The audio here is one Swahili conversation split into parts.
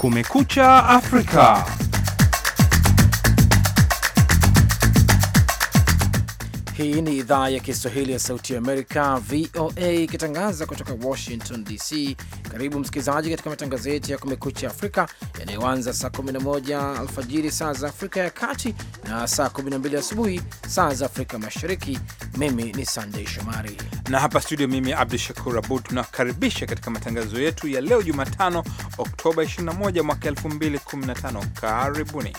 Kumekucha Afrika. Hii ni idhaa ya Kiswahili ya Sauti ya Amerika, VOA, ikitangaza kutoka Washington DC. Karibu msikilizaji katika matangazo yetu ya Kumekucha Afrika yanayoanza saa 11 alfajiri saa za Afrika ya Kati na saa 12 asubuhi saa za Afrika Mashariki. Mimi ni Sandei Shomari na hapa studio, mimi Abdu Shakur Abud. Tunakaribisha katika matangazo yetu ya leo Jumatano, Oktoba 21 mwaka 2015. Karibuni.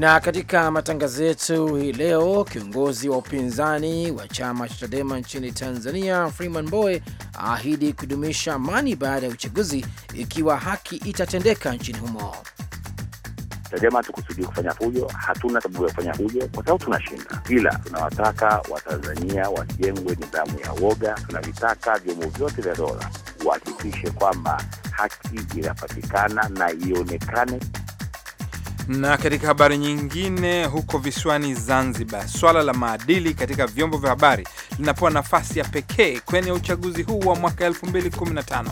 Na katika matangazo yetu hii leo, kiongozi wa upinzani wa chama cha Chadema nchini Tanzania Freeman Mbowe aahidi kudumisha amani baada ya uchaguzi ikiwa haki itatendeka nchini humo. Chadema hatukusudia kufanya fujo, hatuna sababu ya kufanya fujo kwa sababu tunashinda, ila tunawataka Watanzania wajengwe nidhamu ya woga. Tunavitaka vyombo vyote vya dola wahakikishe kwamba haki inapatikana na ionekane. Na katika habari nyingine, huko visiwani Zanzibar, swala la maadili katika vyombo vya habari linapewa nafasi ya pekee kwenye uchaguzi huu wa mwaka 2015.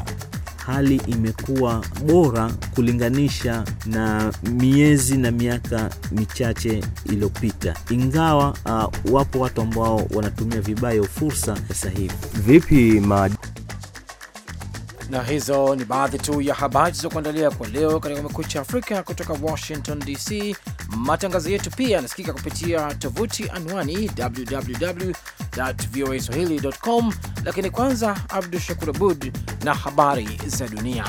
Hali imekuwa bora kulinganisha na miezi na miaka michache iliyopita, ingawa uh, wapo watu ambao wanatumia vibaya fursa sasa hivi. Vipi maadili na hizo ni baadhi tu ya habari zilizokuandalia kwa leo katika Kumekucha Afrika kutoka Washington DC. Matangazo yetu pia yanasikika kupitia tovuti anwani www voa swahili com, lakini kwanza Abdu Shakur Abud na habari za dunia.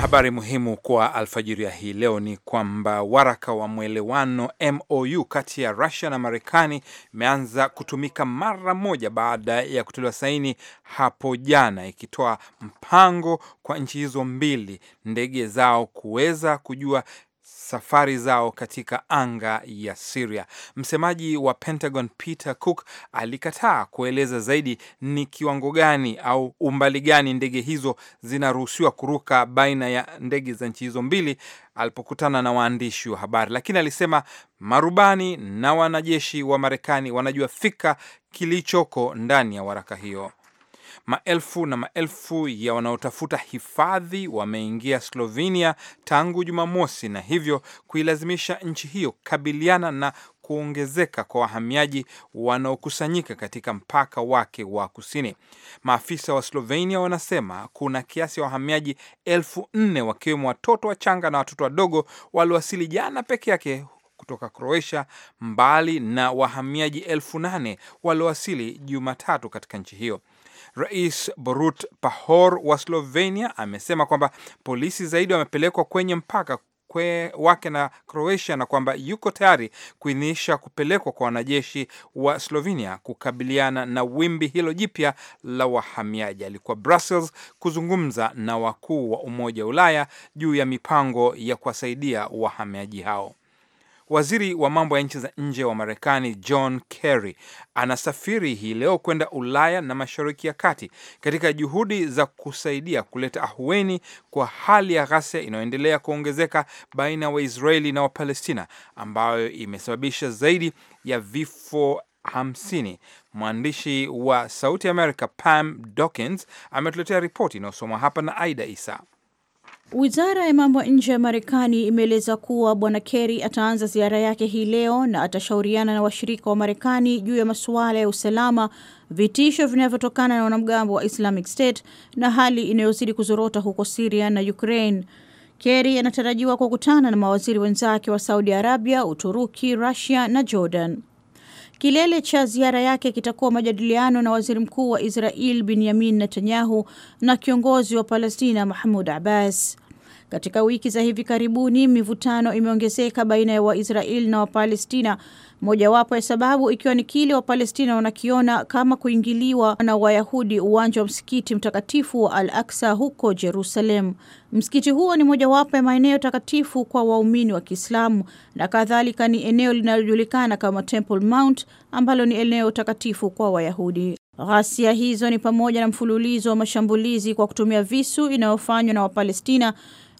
habari muhimu kwa alfajiri ya hii leo ni kwamba waraka wa mwelewano MOU kati ya Russia na Marekani imeanza kutumika mara moja baada ya kutolewa saini hapo jana, ikitoa mpango kwa nchi hizo mbili ndege zao kuweza kujua safari zao katika anga ya Syria. Msemaji wa Pentagon Peter Cook alikataa kueleza zaidi ni kiwango gani au umbali gani ndege hizo zinaruhusiwa kuruka baina ya ndege za nchi hizo mbili alipokutana na waandishi wa habari, lakini alisema marubani na wanajeshi wa Marekani wanajua fika kilichoko ndani ya waraka hiyo. Maelfu na maelfu ya wanaotafuta hifadhi wameingia Slovenia tangu Jumamosi na hivyo kuilazimisha nchi hiyo kukabiliana na kuongezeka kwa wahamiaji wanaokusanyika katika mpaka wake wa kusini. Maafisa wa Slovenia wanasema kuna kiasi ya wahamiaji elfu nne wakiwemo watoto wachanga na watoto wadogo waliowasili jana peke yake kutoka Kroatia, mbali na wahamiaji elfu nane waliowasili Jumatatu katika nchi hiyo. Rais Borut Pahor wa Slovenia amesema kwamba polisi zaidi wamepelekwa kwenye mpaka kwe wake na Croatia na kwamba yuko tayari kuidhinisha kupelekwa kwa wanajeshi wa Slovenia kukabiliana na wimbi hilo jipya la wahamiaji. Alikuwa Brussels kuzungumza na wakuu wa Umoja wa Ulaya juu ya mipango ya kuwasaidia wahamiaji hao. Waziri wa mambo ya nchi za nje wa Marekani John Kerry anasafiri hii leo kwenda Ulaya na Mashariki ya Kati katika juhudi za kusaidia kuleta ahueni kwa hali ya ghasia inayoendelea kuongezeka baina ya wa Waisraeli na Wapalestina ambayo imesababisha zaidi ya vifo hamsini. Mwandishi wa Sauti America Pam Dawkins ametuletea ripoti inayosomwa hapa na Aida Isa. Wizara ya mambo ya nje ya Marekani imeeleza kuwa Bwana Kerry ataanza ziara yake hii leo na atashauriana na washirika wa Marekani juu ya masuala ya usalama, vitisho vinavyotokana na wanamgambo wa Islamic State na hali inayozidi kuzorota huko Siria na Ukraine. Kerry anatarajiwa kukutana na mawaziri wenzake wa Saudi Arabia, Uturuki, russia na Jordan. Kilele cha ziara yake kitakuwa majadiliano na waziri mkuu wa Israel Benyamin Netanyahu na kiongozi wa Palestina Mahmud Abbas. Katika wiki za hivi karibuni, mivutano imeongezeka baina ya Waisrael na Wapalestina mojawapo ya sababu ikiwa ni kile Wapalestina wanakiona kama kuingiliwa na Wayahudi uwanja wa msikiti mtakatifu wa Al Aksa huko Jerusalem. Msikiti huo ni mojawapo ya maeneo takatifu kwa waumini wa Kiislamu na kadhalika ni eneo linalojulikana kama Temple Mount ambalo ni eneo takatifu kwa Wayahudi. Ghasia hizo ni pamoja na mfululizo wa mashambulizi kwa kutumia visu inayofanywa na Wapalestina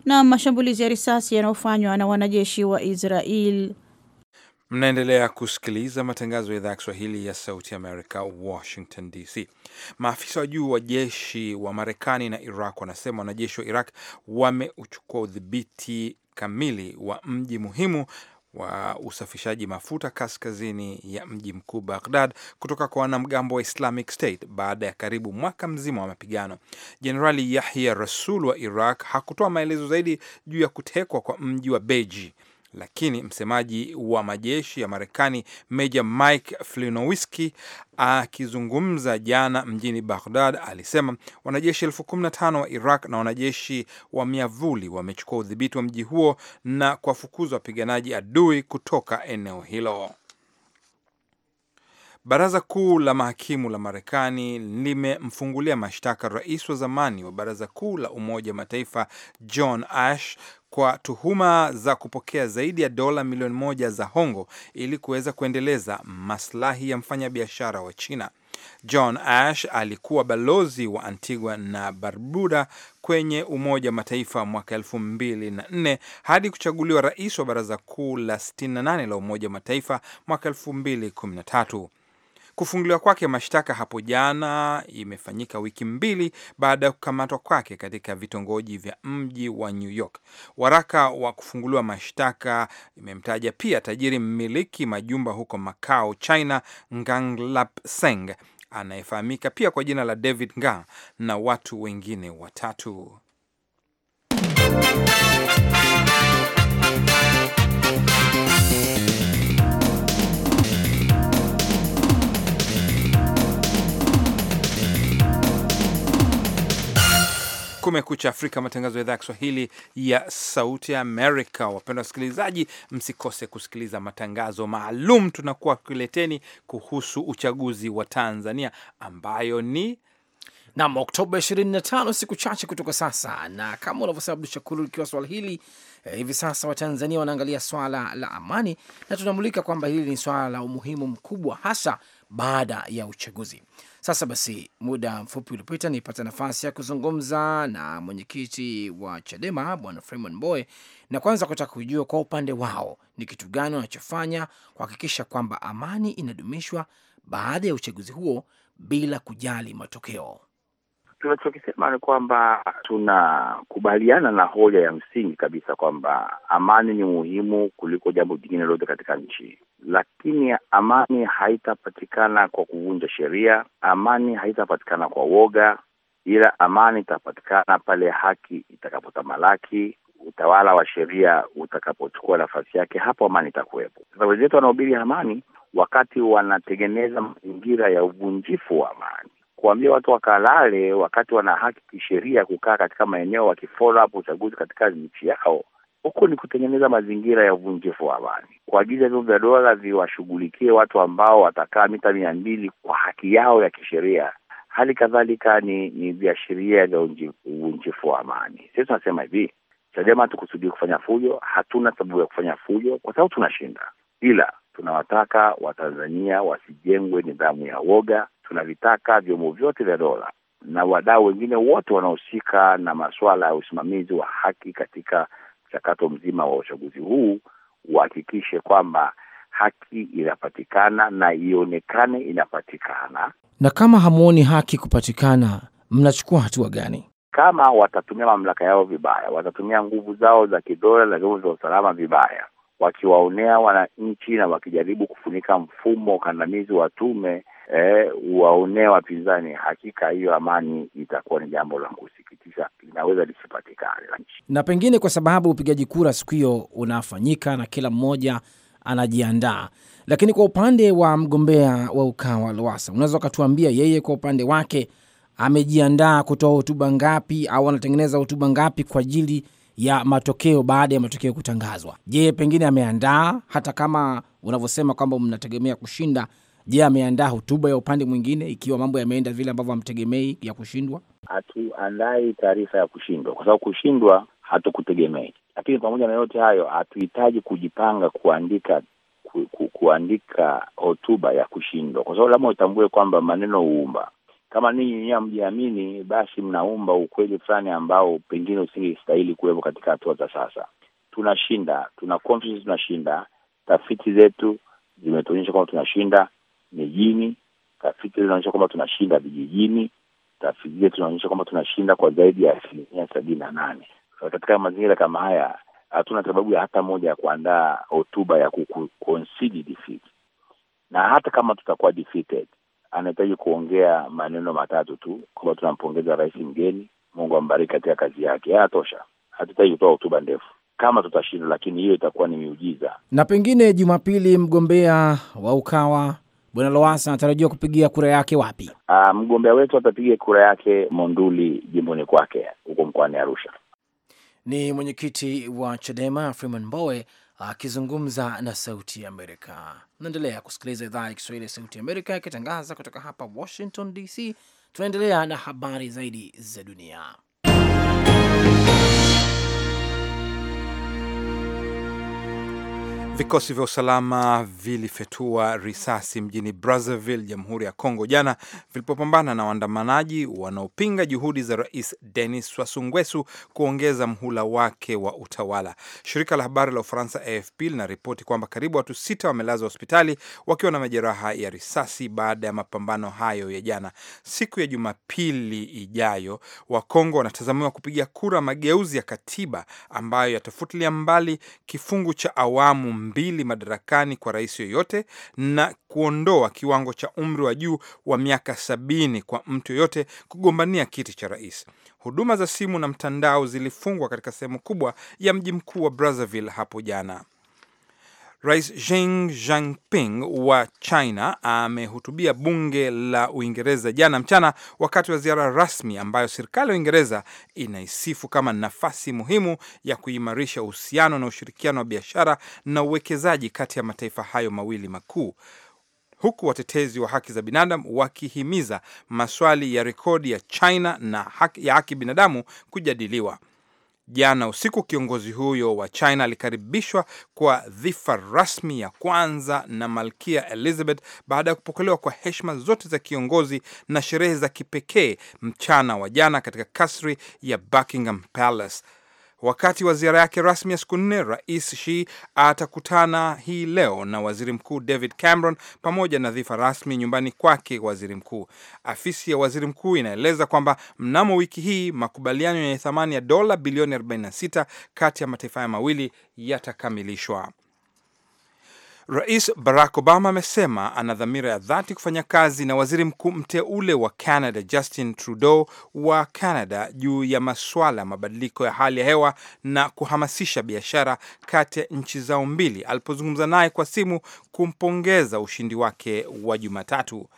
na mashambulizi ya risasi yanayofanywa na wanajeshi wa Israel. Mnaendelea kusikiliza matangazo ya idhaa ya Kiswahili ya Sauti Amerika, Washington DC. Maafisa wa juu wa jeshi wa Marekani na Iraq wanasema wanajeshi wa Iraq wameuchukua udhibiti kamili wa mji muhimu wa usafishaji mafuta kaskazini ya mji mkuu Baghdad kutoka kwa wanamgambo wa Islamic State baada ya karibu mwaka mzima wa mapigano. Jenerali Yahya Rasul wa Iraq hakutoa maelezo zaidi juu ya kutekwa kwa mji wa Beji lakini msemaji wa majeshi ya Marekani Meja Mike Flinowiski akizungumza jana mjini Baghdad alisema wanajeshi elfu kumi na tano wa Iraq na wanajeshi wa miavuli wamechukua udhibiti wa mji huo na kuwafukuza wapiganaji adui kutoka eneo hilo. Baraza Kuu la Mahakimu la Marekani limemfungulia mashtaka rais wa zamani wa Baraza Kuu la Umoja wa Mataifa John Ash kwa tuhuma za kupokea zaidi ya dola milioni moja za hongo ili kuweza kuendeleza maslahi ya mfanyabiashara wa China. John Ash alikuwa balozi wa Antigua na Barbuda kwenye Umoja wa Mataifa mwaka elfu mbili na nne hadi kuchaguliwa rais wa Baraza Kuu la 68 la Umoja wa Mataifa mwaka elfu mbili kumi na tatu. Kufunguliwa kwake mashtaka hapo jana imefanyika wiki mbili baada ya kukamatwa kwake katika vitongoji vya mji wa New York. Waraka wa kufunguliwa mashtaka imemtaja pia tajiri mmiliki majumba huko Macau, China, Ngang Lap Seng anayefahamika pia kwa jina la David Nga na watu wengine watatu. Kumekucha Afrika, matangazo ya idhaa ya Kiswahili ya Sauti Amerika. Wapendwa wasikilizaji, msikose kusikiliza matangazo maalum tunakuwa kuleteni kuhusu uchaguzi wa Tanzania ambayo ni nam Oktoba 25, siku chache kutoka sasa. Na kama unavyosema Abdu Shakuru, ikiwa swala hili eh, hivi sasa Watanzania wanaangalia swala la amani, na tunamulika kwamba hili ni swala la umuhimu mkubwa hasa baada ya uchaguzi. Sasa basi, muda mfupi uliopita nipata nafasi ya kuzungumza na mwenyekiti wa Chadema Bwana Freeman Mbowe, na kwanza kutaka kujua kwa upande wao ni kitu gani wanachofanya kuhakikisha kwamba amani inadumishwa baada ya uchaguzi huo bila kujali matokeo tunachokisema ni kwamba tunakubaliana na hoja ya msingi kabisa kwamba amani ni muhimu kuliko jambo jingine lolote katika nchi, lakini amani haitapatikana kwa kuvunja sheria, amani haitapatikana kwa woga, ila amani itapatikana pale haki itakapotamalaki, utawala wa sheria utakapochukua nafasi yake, hapo amani itakuwepo. Sasa wenzetu wanaobiri amani wakati wanatengeneza mazingira ya uvunjifu wa amani kuambia watu wakalale wakati wana haki kisheria kukaa katika maeneo wakifollow up uchaguzi katika nchi yao. Huku ni kutengeneza mazingira ya uvunjifu wa amani, kuagiza vyombo vya dola viwashughulikie watu ambao watakaa mita mia mbili kwa haki yao ya kisheria. Hali kadhalika ni ni viashiria vya uvunjifu wa amani. Sisi tunasema hivi, Chadema hatukusudii kufanya fujo, hatuna sababu ya kufanya fujo kwa sababu tunashinda, ila Tunawataka Watanzania wasijengwe nidhamu ya woga. Tunavitaka vyombo vyote vya dola na wadau wengine wote wanaohusika na masuala ya usimamizi wa haki katika mchakato mzima wa uchaguzi huu wahakikishe kwamba haki inapatikana na ionekane inapatikana. Na kama hamwoni haki kupatikana, mnachukua hatua gani? Kama watatumia mamlaka yao vibaya, watatumia nguvu zao za kidola na vyombo vya usalama vibaya wakiwaonea wananchi na wakijaribu kufunika mfumo kandamizi wa tume eh, waonee wapinzani. Hakika hiyo amani itakuwa ni jambo la kusikitisha, linaweza lisipatikane. Na pengine kwa sababu upigaji kura siku hiyo unafanyika na kila mmoja anajiandaa, lakini kwa upande wa mgombea wa Ukawa Lowassa, unaweza ukatuambia yeye kwa upande wake amejiandaa kutoa hotuba ngapi au anatengeneza hotuba ngapi kwa ajili ya matokeo baada ya matokeo kutangazwa. Je, pengine ameandaa hata kama unavyosema kwamba mnategemea kushinda Je, ameandaa hotuba ya upande mwingine ikiwa mambo yameenda vile ambavyo amtegemei ya kushindwa? Hatuandai taarifa ya kushindwa, kwa sababu kushindwa hatukutegemei. Lakini pamoja na yote hayo, hatuhitaji kujipanga kuandika ku, ku, kuandika hotuba ya kushindwa, kwa sababu lazima utambue kwamba maneno huumba kama ninyi nyewe hamjiamini, basi mnaumba ukweli fulani ambao pengine usingestahili kuwepo katika hatua za sasa. Tunashinda, tuna confidence, tunashinda. Tafiti zetu zimetuonyesha kwamba tunashinda mijini, tafiti zinaonyesha kwamba tunashinda vijijini, tafiti zetu zinaonyesha kwamba tunashinda kwa zaidi ya asilimia sabini na nane. So, katika mazingira kama haya hatuna sababu ya hata moja ya kuandaa hotuba ya kuconcede defeat, na hata kama tutakuwa defeated anahitaji kuongea maneno matatu tu kwamba tunampongeza rais mgeni, Mungu ambariki katika kazi yake. Hayatosha, hatuhitaji kutoa hotuba ndefu kama tutashinda, lakini hiyo itakuwa ni miujiza. Na pengine Jumapili mgombea wa Ukawa Bwana loasa anatarajiwa kupigia kura yake wapi? Uh, mgombea wetu atapiga kura yake Monduli, jimboni kwake huko mkoani Arusha. Ni mwenyekiti wa Chadema Freeman Mbowe akizungumza na Sauti Amerika. Naendelea kusikiliza idhaa ya Kiswahili ya Sauti Amerika ikitangaza kutoka hapa Washington DC. Tunaendelea na habari zaidi za dunia. Vikosi vya usalama vilifyatua risasi mjini Brazzaville, Jamhuri ya Kongo jana vilipopambana na waandamanaji wanaopinga juhudi za Rais Denis Sassou Nguesso kuongeza mhula wake wa utawala. Shirika la habari la Ufaransa AFP linaripoti kwamba karibu watu sita wamelazwa hospitali wakiwa na majeraha ya risasi baada ya mapambano hayo ya jana. Siku ya Jumapili ijayo, Wakongo wanatazamiwa kupiga kura mageuzi ya katiba ambayo yatafutilia mbali kifungu cha awamu mbili madarakani kwa rais yoyote na kuondoa kiwango cha umri wa juu wa miaka sabini kwa mtu yoyote kugombania kiti cha rais. Huduma za simu na mtandao zilifungwa katika sehemu kubwa ya mji mkuu wa Brazzaville hapo jana. Rais Xi Jinping wa China amehutubia bunge la Uingereza jana mchana wakati wa ziara rasmi ambayo serikali ya Uingereza inaisifu kama nafasi muhimu ya kuimarisha uhusiano na ushirikiano wa biashara na uwekezaji kati ya mataifa hayo mawili makuu huku watetezi wa haki za binadamu wakihimiza maswali ya rekodi ya China na haki ya haki binadamu kujadiliwa. Jana usiku kiongozi huyo wa China alikaribishwa kwa dhifa rasmi ya kwanza na Malkia Elizabeth baada ya kupokelewa kwa heshima zote za kiongozi na sherehe za kipekee mchana wa jana katika kasri ya Buckingham Palace. Wakati wa ziara yake rasmi ya siku nne, Rais Xi atakutana hii leo na waziri mkuu David Cameron pamoja na dhifa rasmi nyumbani kwake waziri mkuu. Afisi ya waziri mkuu inaeleza kwamba mnamo wiki hii makubaliano yenye thamani ya dola bilioni 46 kati ya mataifa haya mawili yatakamilishwa. Rais Barack Obama amesema ana dhamira ya dhati kufanya kazi na waziri mkuu mteule wa Canada Justin Trudeau wa Canada juu ya maswala ya mabadiliko ya hali ya hewa na kuhamasisha biashara kati ya nchi zao mbili alipozungumza naye kwa simu kumpongeza ushindi wake wa Jumatatu.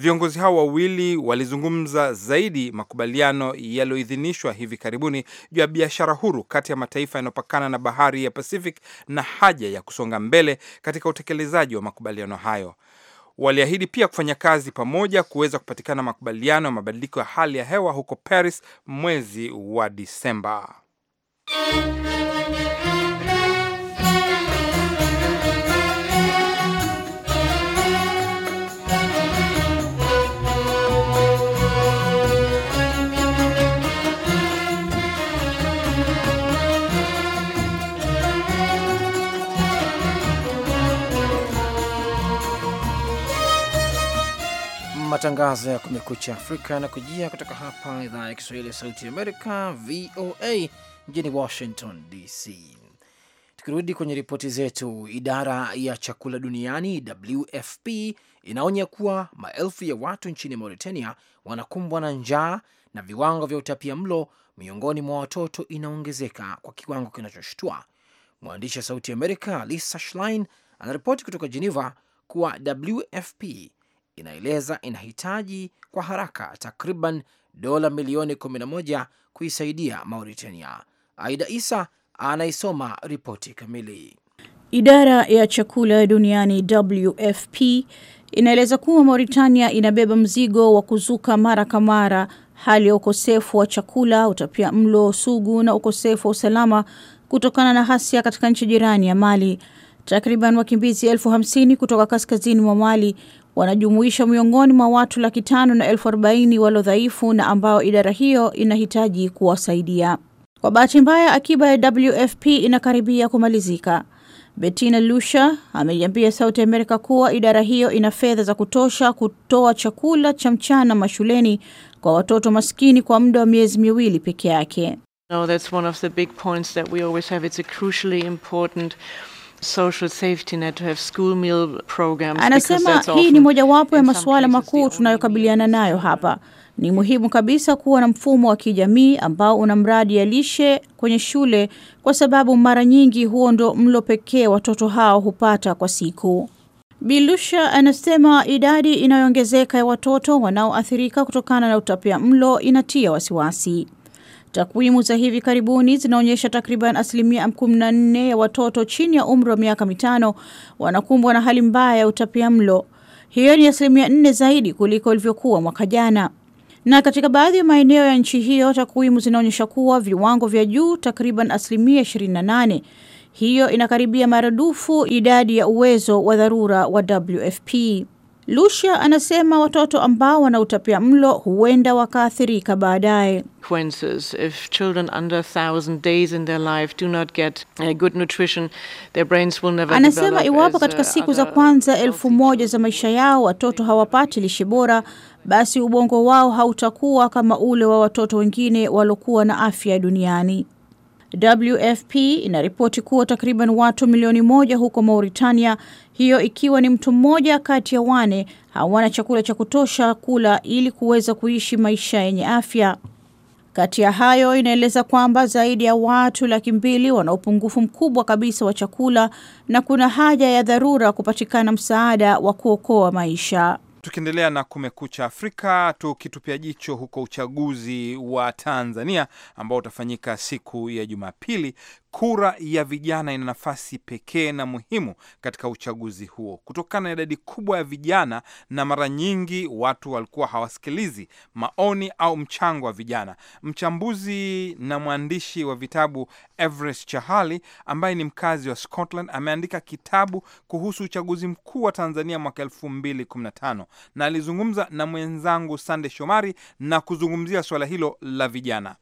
Viongozi hao wawili walizungumza zaidi makubaliano yaliyoidhinishwa hivi karibuni juu ya biashara huru kati ya mataifa yanayopakana na bahari ya Pacific na haja ya kusonga mbele katika utekelezaji wa makubaliano hayo. Waliahidi pia kufanya kazi pamoja kuweza kupatikana makubaliano ya mabadiliko ya hali ya hewa huko Paris mwezi wa Disemba. matangazo ya kumekucha Afrika na kujia kutoka hapa idhaa ya Kiswahili ya Sauti Amerika, VOA mjini Washington DC. Tukirudi kwenye ripoti zetu, idara ya chakula duniani WFP inaonya kuwa maelfu ya watu nchini Mauritania wanakumbwa na njaa na viwango vya utapia mlo miongoni mwa watoto inaongezeka kwa kiwango kinachoshtua. Mwandishi wa Sauti Amerika Lisa Schlein anaripoti kutoka Geneva kuwa WFP inaeleza inahitaji kwa haraka takriban dola milioni 11 kuisaidia Mauritania. Aida Isa anaisoma ripoti kamili. Idara ya chakula duniani WFP inaeleza kuwa Mauritania inabeba mzigo wa kuzuka mara kwa mara hali ya ukosefu wa chakula, utapia mlo sugu na ukosefu wa usalama kutokana na hasia katika nchi jirani ya Mali. Takriban wakimbizi elfu hamsini kutoka kaskazini mwa Mali wanajumuisha miongoni mwa watu laki tano na elfu arobaini walio dhaifu na ambao idara hiyo inahitaji kuwasaidia. Kwa bahati mbaya, akiba ya WFP inakaribia kumalizika. Bettina Lusha ameiambia Sauti Amerika kuwa idara hiyo ina fedha za kutosha kutoa chakula cha mchana mashuleni kwa watoto maskini kwa muda wa miezi miwili peke yake. No, oh, that's one of the big points that we always have. It's a crucially important social safety net to have school meal programs. Anasema hii ni mojawapo ya masuala makuu tunayokabiliana nayo hapa. Ni muhimu kabisa kuwa na mfumo wa kijamii ambao una mradi ya lishe kwenye shule, kwa sababu mara nyingi huo ndo mlo pekee watoto hao hupata kwa siku. Bilusha anasema idadi inayoongezeka ya watoto wanaoathirika kutokana na utapia mlo inatia wasiwasi. Takwimu za hivi karibuni zinaonyesha takriban asilimia 14 ya watoto chini ya umri wa miaka mitano wanakumbwa na hali mbaya ya utapia mlo. Hiyo ni asilimia nne zaidi kuliko ilivyokuwa mwaka jana. Na katika baadhi ya maeneo ya nchi hiyo takwimu zinaonyesha kuwa viwango vya juu takriban asilimia 28. Hiyo inakaribia maradufu idadi ya uwezo wa dharura wa WFP. Lucia anasema watoto ambao wana utapia mlo huenda wakaathirika baadaye. Anasema iwapo katika uh, siku za kwanza elfu moja za maisha yao watoto hawapati lishe bora, basi ubongo wao hautakuwa kama ule wa watoto wengine waliokuwa na afya duniani. WFP inaripoti kuwa takriban watu milioni moja huko Mauritania, hiyo ikiwa ni mtu mmoja kati ya wane hawana chakula cha kutosha kula ili kuweza kuishi maisha yenye afya. Kati ya hayo inaeleza kwamba zaidi ya watu laki mbili wana upungufu mkubwa kabisa wa chakula na kuna haja ya dharura kupatikana msaada wa kuokoa maisha. Tukiendelea na Kumekucha Afrika, tukitupia jicho huko uchaguzi wa Tanzania ambao utafanyika siku ya Jumapili. Kura ya vijana ina nafasi pekee na muhimu katika uchaguzi huo kutokana na idadi kubwa ya vijana, na mara nyingi watu walikuwa hawasikilizi maoni au mchango wa vijana. Mchambuzi na mwandishi wa vitabu Everest Chahali ambaye ni mkazi wa Scotland ameandika kitabu kuhusu uchaguzi mkuu wa Tanzania mwaka 2015 na alizungumza na mwenzangu Sande Shomari na kuzungumzia suala hilo la vijana.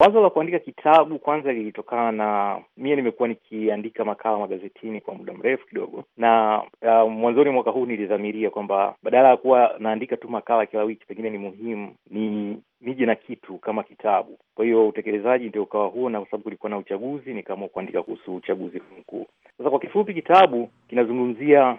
Wazo la kuandika kitabu kwanza lilitokana na mie, nimekuwa nikiandika makala magazetini kwa muda mrefu kidogo, na uh, mwanzoni mwaka huu nilidhamiria kwamba badala ya kuwa naandika tu makala kila wiki, pengine ni muhimu ni nije na kitu kama kitabu. Kwa hiyo utekelezaji ndio ukawa huo, na kwa sababu kulikuwa na uchaguzi, nikaamua kuandika kuhusu uchaguzi mkuu. Sasa kwa kifupi, kitabu kinazungumzia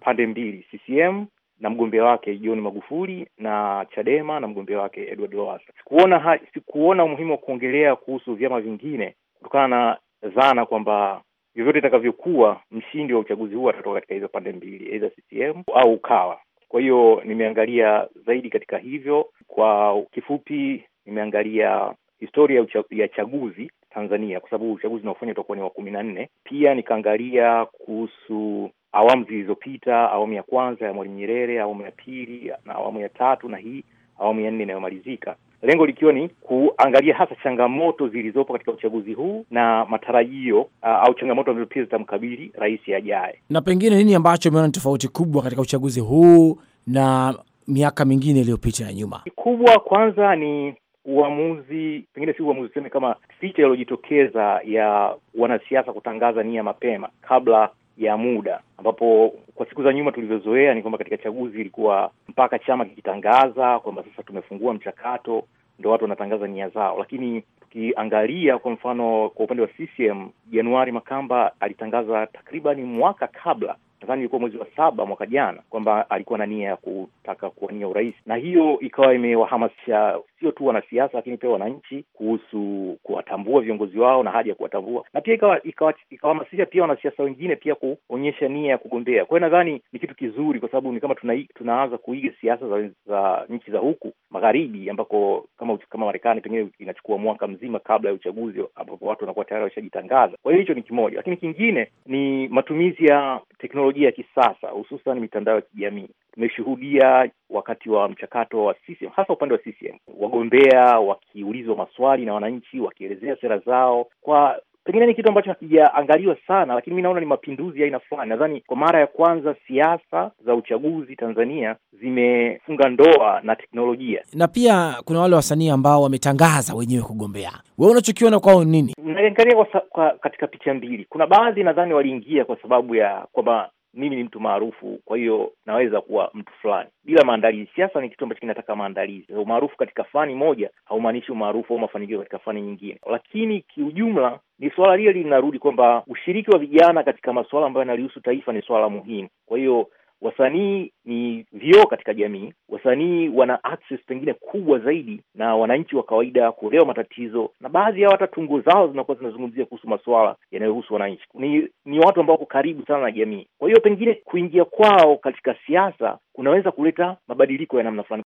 pande mbili, CCM na mgombea wake John Magufuli na Chadema na mgombea wake Edward Lowassa. Sikuona, sikuona umuhimu wa kuongelea kuhusu vyama vingine kutokana na dhana kwamba vyovyote itakavyokuwa mshindi wa uchaguzi huu atatoka katika hizo pande mbili, either CCM au Kawa. Kwa hiyo nimeangalia zaidi katika hivyo. Kwa kifupi, nimeangalia historia ya chaguzi Tanzania kwa sababu uchaguzi unaofanya utakuwa ni wa kumi na nne. Pia nikaangalia kuhusu awamu zilizopita, awamu ya kwanza ya Mwalimu Nyerere, awamu ya pili na awamu ya tatu na hii awamu ya nne inayomalizika, lengo likiwa ni kuangalia hasa changamoto zilizopo katika uchaguzi huu na matarajio uh, au changamoto ambazo pia zitamkabili rais ajaye, na pengine nini ambacho umeona ni tofauti kubwa katika uchaguzi huu na miaka mingine iliyopita ya nyuma. Kikubwa kwanza ni uamuzi pengine si uamuzi, useme kama picha iliyojitokeza ya wanasiasa kutangaza nia mapema kabla ya muda, ambapo kwa siku za nyuma tulivyozoea ni kwamba katika chaguzi ilikuwa mpaka chama kikitangaza kwamba sasa tumefungua mchakato ndo watu wanatangaza nia zao, lakini tukiangalia kwa mfano kwa upande wa CCM, Januari Makamba alitangaza takriban mwaka kabla nadhani ilikuwa mwezi wa saba mwaka jana, kwamba alikuwa na nia ya kutaka kuwania urais, na hiyo ikawa imewahamasisha sio tu wanasiasa, lakini pia wananchi kuhusu kuwatambua viongozi wao na haja ya kuwatambua, na pia ikawahamasisha ikawa, ikawa pia wanasiasa wengine pia kuonyesha nia ya kugombea. Kwa hiyo nadhani ni kitu kizuri, kwa sababu ni kama tuna, tunaanza kuiga siasa za, za nchi za huku magharibi, ambako kama kama Marekani pengine inachukua mwaka mzima kabla ya uchaguzi, ambapo watu wanakuwa tayari washajitangaza. Kwa hiyo hicho ni kimoja, lakini kingine ni matumizi ya teknolojia ya kisasa, hususan mitandao ya kijamii. Tumeshuhudia wakati wa mchakato wa CCM, hasa upande wa CCM, wagombea wakiulizwa maswali na wananchi wakielezea sera zao kwa pengine ni kitu ambacho hakijaangaliwa sana, lakini mi naona ni mapinduzi ya aina fulani. Nadhani kwa mara ya kwanza siasa za uchaguzi Tanzania zimefunga ndoa na teknolojia, na pia kuna wale wasanii ambao wametangaza wenyewe kugombea. Wewe unachokiona kwao nini? Naangalia kwa, kwa katika picha mbili, kuna baadhi nadhani waliingia kwa sababu ya kwamba mimi ni mtu maarufu, kwa hiyo naweza kuwa mtu fulani bila maandalizi. Siasa ni kitu ambacho kinataka maandalizi. Umaarufu katika fani moja haumaanishi umaarufu au mafanikio katika fani nyingine, lakini kiujumla ni suala lile linarudi kwamba ushiriki wa vijana katika masuala ambayo yanalihusu taifa ni suala muhimu. Kwa hiyo wasanii ni vioo katika jamii. Wasanii wana access pengine kubwa zaidi na wananchi wa kawaida kuelewa matatizo, na baadhi ya hata tungo zao zinakuwa zinazungumzia kuhusu masuala yanayohusu wananchi. Ni, ni watu ambao wako karibu sana na jamii, kwa hiyo pengine kuingia kwao katika siasa kunaweza kuleta mabadiliko ya namna fulani.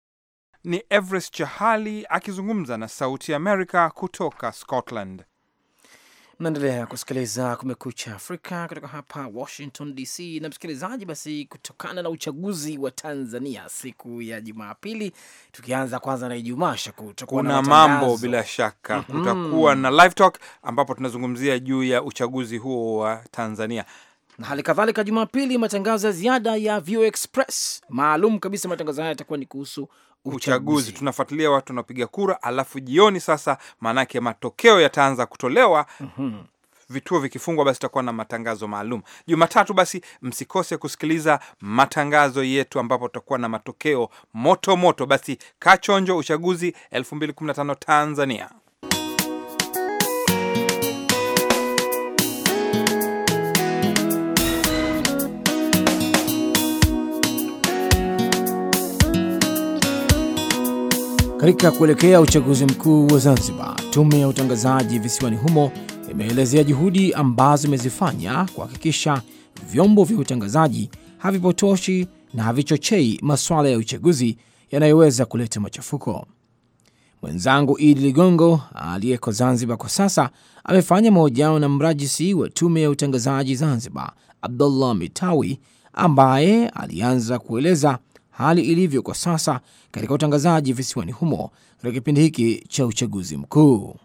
Ni Everest Chahali akizungumza na Sauti america Amerika kutoka Scotland. Naendelea kusikiliza Kumekucha Afrika kutoka hapa Washington DC. Na msikilizaji, basi kutokana na uchaguzi wa Tanzania siku ya Jumapili, tukianza kwanza na Ijumaa, Shakuru, kuna mambo bila shaka mm -hmm. Kutakuwa na live talk ambapo tunazungumzia juu ya uchaguzi huo wa Tanzania na hali kadhalika Jumapili matangazo ya ziada ya Vio Express maalum kabisa. Matangazo haya yatakuwa ni kuhusu uchaguzi. Tunafuatilia watu wanapiga kura, alafu jioni sasa, maanake matokeo yataanza kutolewa. mm -hmm. Vituo vikifungwa basi tutakuwa na matangazo maalum Jumatatu. Basi msikose kusikiliza matangazo yetu, ambapo tutakuwa na matokeo moto moto. Basi kachonjo, uchaguzi 2015 Tanzania. Katika kuelekea uchaguzi mkuu wa Zanzibar, tume ya utangazaji visiwani humo imeelezea juhudi ambazo imezifanya kuhakikisha vyombo vya utangazaji havipotoshi na havichochei masuala ya uchaguzi yanayoweza kuleta machafuko. Mwenzangu Idi Ligongo aliyeko Zanzibar kwa sasa amefanya mahojiano na mrajisi wa tume ya utangazaji Zanzibar, Abdullah Mitawi, ambaye alianza kueleza hali ilivyo kwa sasa katika utangazaji visiwani humo katika kipindi hiki cha uchaguzi mkuu.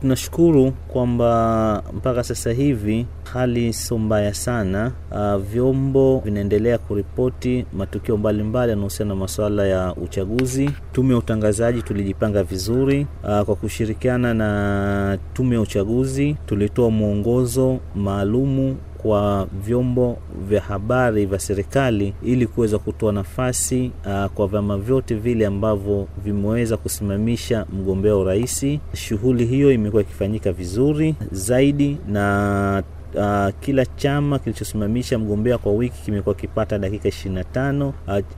Tunashukuru kwamba mpaka sasa hivi hali sio mbaya sana. Uh, vyombo vinaendelea kuripoti matukio mbalimbali yanahusiana na masuala ya uchaguzi. Tume ya utangazaji tulijipanga vizuri. Uh, kwa kushirikiana na tume ya uchaguzi tulitoa mwongozo maalumu kwa vyombo vya habari vya serikali ili kuweza kutoa nafasi uh, kwa vyama vyote vile ambavyo vimeweza kusimamisha mgombea urais. Shughuli hiyo imekuwa ikifanyika vizuri zaidi na Uh, kila chama kilichosimamisha mgombea kwa wiki kimekuwa kipata dakika 25 uh,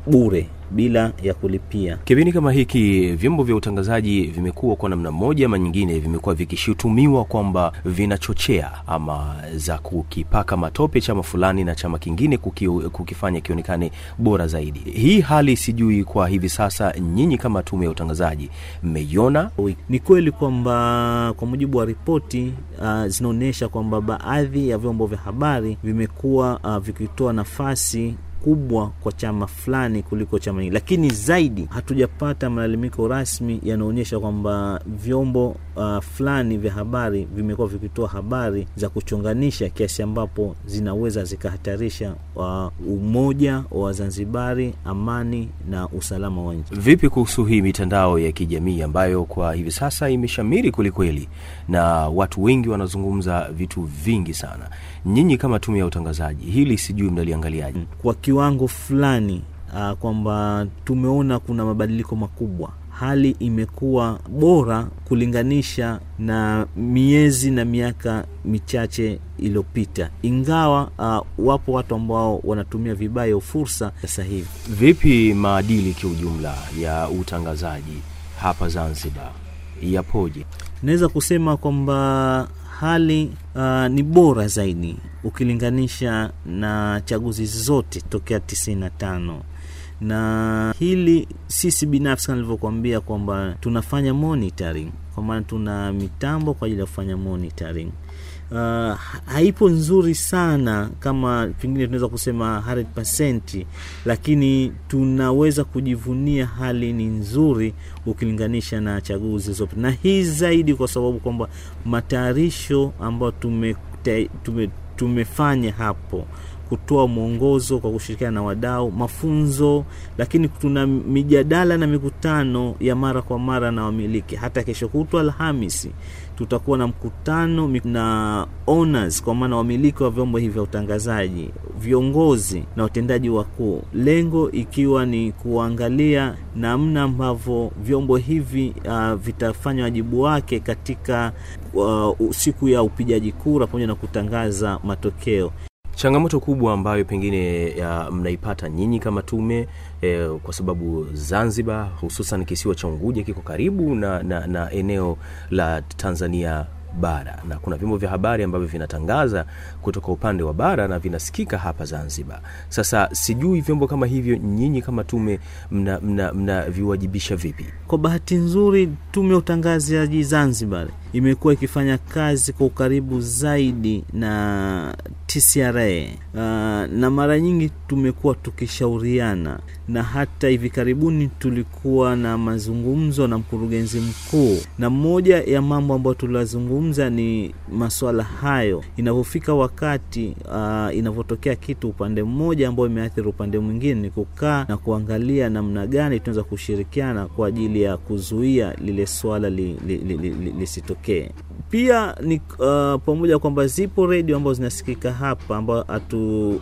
bure bila ya kulipia. Kipindi kama hiki, vyombo vya utangazaji vimekuwa kwa namna moja ama nyingine, vimekuwa vikishutumiwa kwamba vinachochea ama za kukipaka matope chama fulani na chama kingine kuki, kukifanya kionekane bora zaidi. Hii hali sijui kwa hivi sasa nyinyi kama tume ya utangazaji mmeiona? Ni kweli kwamba kwa mujibu wa ripoti uh, zinaonyesha kwamba baadhi ya vyombo vya habari vimekuwa uh, vikitoa nafasi kubwa kwa chama fulani kuliko chama nyingine, lakini zaidi hatujapata malalamiko rasmi yanaonyesha kwamba vyombo uh, fulani vya habari vimekuwa vikitoa habari za kuchonganisha kiasi ambapo zinaweza zikahatarisha uh, umoja wa Wazanzibari, amani na usalama wa nchi. Vipi kuhusu hii mitandao ya kijamii ambayo kwa hivi sasa imeshamiri kwelikweli na watu wengi wanazungumza vitu vingi sana? Nyinyi kama tume ya utangazaji, hili sijui mnaliangaliaje? Mm. Kwa kiwango fulani uh, kwamba tumeona kuna mabadiliko makubwa hali imekuwa bora kulinganisha na miezi na miaka michache iliyopita, ingawa uh, wapo watu ambao wanatumia vibaya fursa sasa hivi. Vipi maadili kiujumla ya utangazaji hapa Zanzibar yapoje? Naweza kusema kwamba hali uh, ni bora zaidi ukilinganisha na chaguzi zote tokea 95 na hili sisi binafsi kama nilivyokuambia kwamba tunafanya monitoring kwa maana tuna mitambo kwa ajili ya kufanya monitoring uh, haipo nzuri sana kama pengine tunaweza kusema 100%, lakini tunaweza kujivunia hali ni nzuri ukilinganisha na chaguzi zilizopita, na hii zaidi kwa sababu kwamba matayarisho ambayo tume, tume, tumefanya hapo kutoa mwongozo kwa kushirikiana na wadau, mafunzo, lakini tuna mijadala na mikutano ya mara kwa mara na wamiliki. Hata kesho kutwa Alhamisi tutakuwa na mkutano na owners, kwa maana wamiliki wa vyombo hivi vya utangazaji, viongozi na watendaji wakuu, lengo ikiwa ni kuangalia namna ambavyo vyombo hivi uh, vitafanya wajibu wake katika uh, siku ya upigaji kura pamoja na kutangaza matokeo changamoto kubwa ambayo pengine ya mnaipata nyinyi kama tume e, kwa sababu Zanzibar hususan kisiwa cha Unguja kiko karibu na, na, na eneo la Tanzania bara, na kuna vyombo vya habari ambavyo vinatangaza kutoka upande wa bara na vinasikika hapa Zanzibar. Sasa sijui vyombo kama hivyo nyinyi kama tume mnaviwajibisha mna, mna vipi? Kwa bahati nzuri, tume ya utangazaji Zanzibar imekuwa ikifanya kazi kwa ukaribu zaidi na TCRA uh, ah, na mara nyingi tumekuwa tukishauriana na hata hivi karibuni tulikuwa na mazungumzo na mkurugenzi mkuu, na moja ya mambo ambayo tulazungumza ni masuala hayo, inavyofika wakati uh, inavyotokea kitu upande mmoja ambayo imeathiri upande mwingine, ni kukaa na kuangalia namna gani tunaweza kushirikiana kwa ajili ya kuzuia lile swala lisitokee li, li, li, li, li pia ni uh, pamoja kwamba zipo redio ambazo zinasikika hapa ambao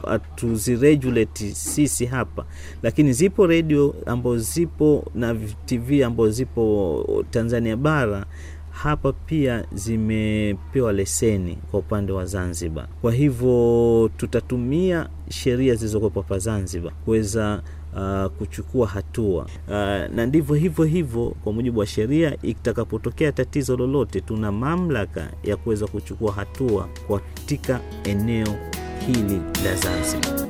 hatuziregulate atu, sisi hapa lakini lakini zipo redio ambazo zipo na TV ambazo zipo Tanzania bara hapa pia zimepewa leseni kwa upande wa Zanzibar. Kwa hivyo tutatumia sheria zilizokuwepo hapa Zanzibar kuweza uh, kuchukua hatua uh, na ndivyo hivyo hivyo kwa mujibu wa sheria. Itakapotokea tatizo lolote, tuna mamlaka ya kuweza kuchukua hatua katika eneo hili la Zanzibar.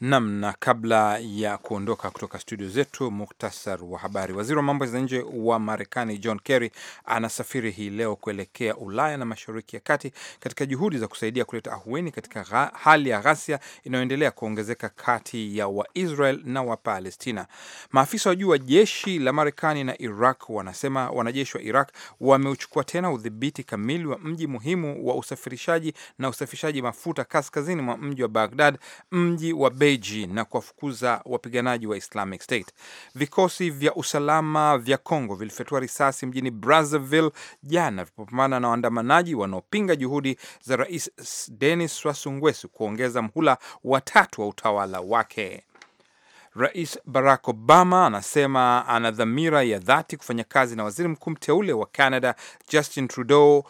Nam, na kabla ya kuondoka kutoka studio zetu, muktasar wa habari. Waziri wa mambo za nje wa Marekani John Kerry anasafiri hii leo kuelekea Ulaya na Mashariki ya Kati katika juhudi za kusaidia kuleta ahueni katika hali ya ghasia inayoendelea kuongezeka kati ya Waisrael na Wapalestina. Maafisa wa juu wa jeshi la Marekani na Iraq wanasema wanajeshi wa Iraq wameuchukua tena udhibiti kamili wa mji muhimu wa usafirishaji na usafirishaji mafuta kaskazini mwa mji wa Bagdad, mji wa Beji na kuwafukuza wapiganaji wa Islamic State. Vikosi vya usalama vya Kongo vilifyatua risasi mjini Brazzaville jana vilipopambana na waandamanaji wanaopinga juhudi za Rais Denis Sassou Nguesso kuongeza mhula watatu wa utawala wake. Rais Barack Obama anasema ana dhamira ya dhati kufanya kazi na waziri mkuu mteule wa Canada Justin Trudeau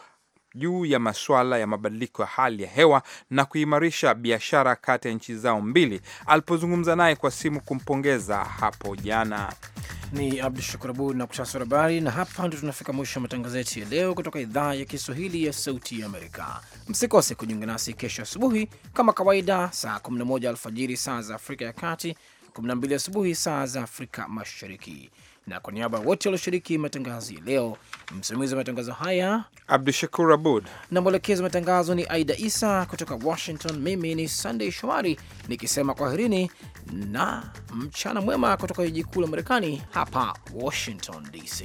juu ya masuala ya mabadiliko ya hali ya hewa na kuimarisha biashara kati ya nchi zao mbili alipozungumza naye kwa simu kumpongeza hapo jana. Ni Abdu Shukur Abud na kutasara habari. Na hapa ndio tunafika mwisho wa matangazo yetu ya leo kutoka idhaa ya Kiswahili ya Sauti ya Amerika. Msikose kujiunga nasi kesho asubuhi kama kawaida, saa 11 alfajiri saa za Afrika ya Kati, 12 asubuhi saa za Afrika Mashariki na kwa niaba ya wote walioshiriki matangazo ya leo, msimamizi wa matangazo haya Abdu Shakur Abud na mwelekezi wa matangazo ni Aida Isa kutoka Washington. Mimi ni Sandey Shomari nikisema kwaherini na mchana mwema kutoka jiji kuu la Marekani, hapa Washington DC.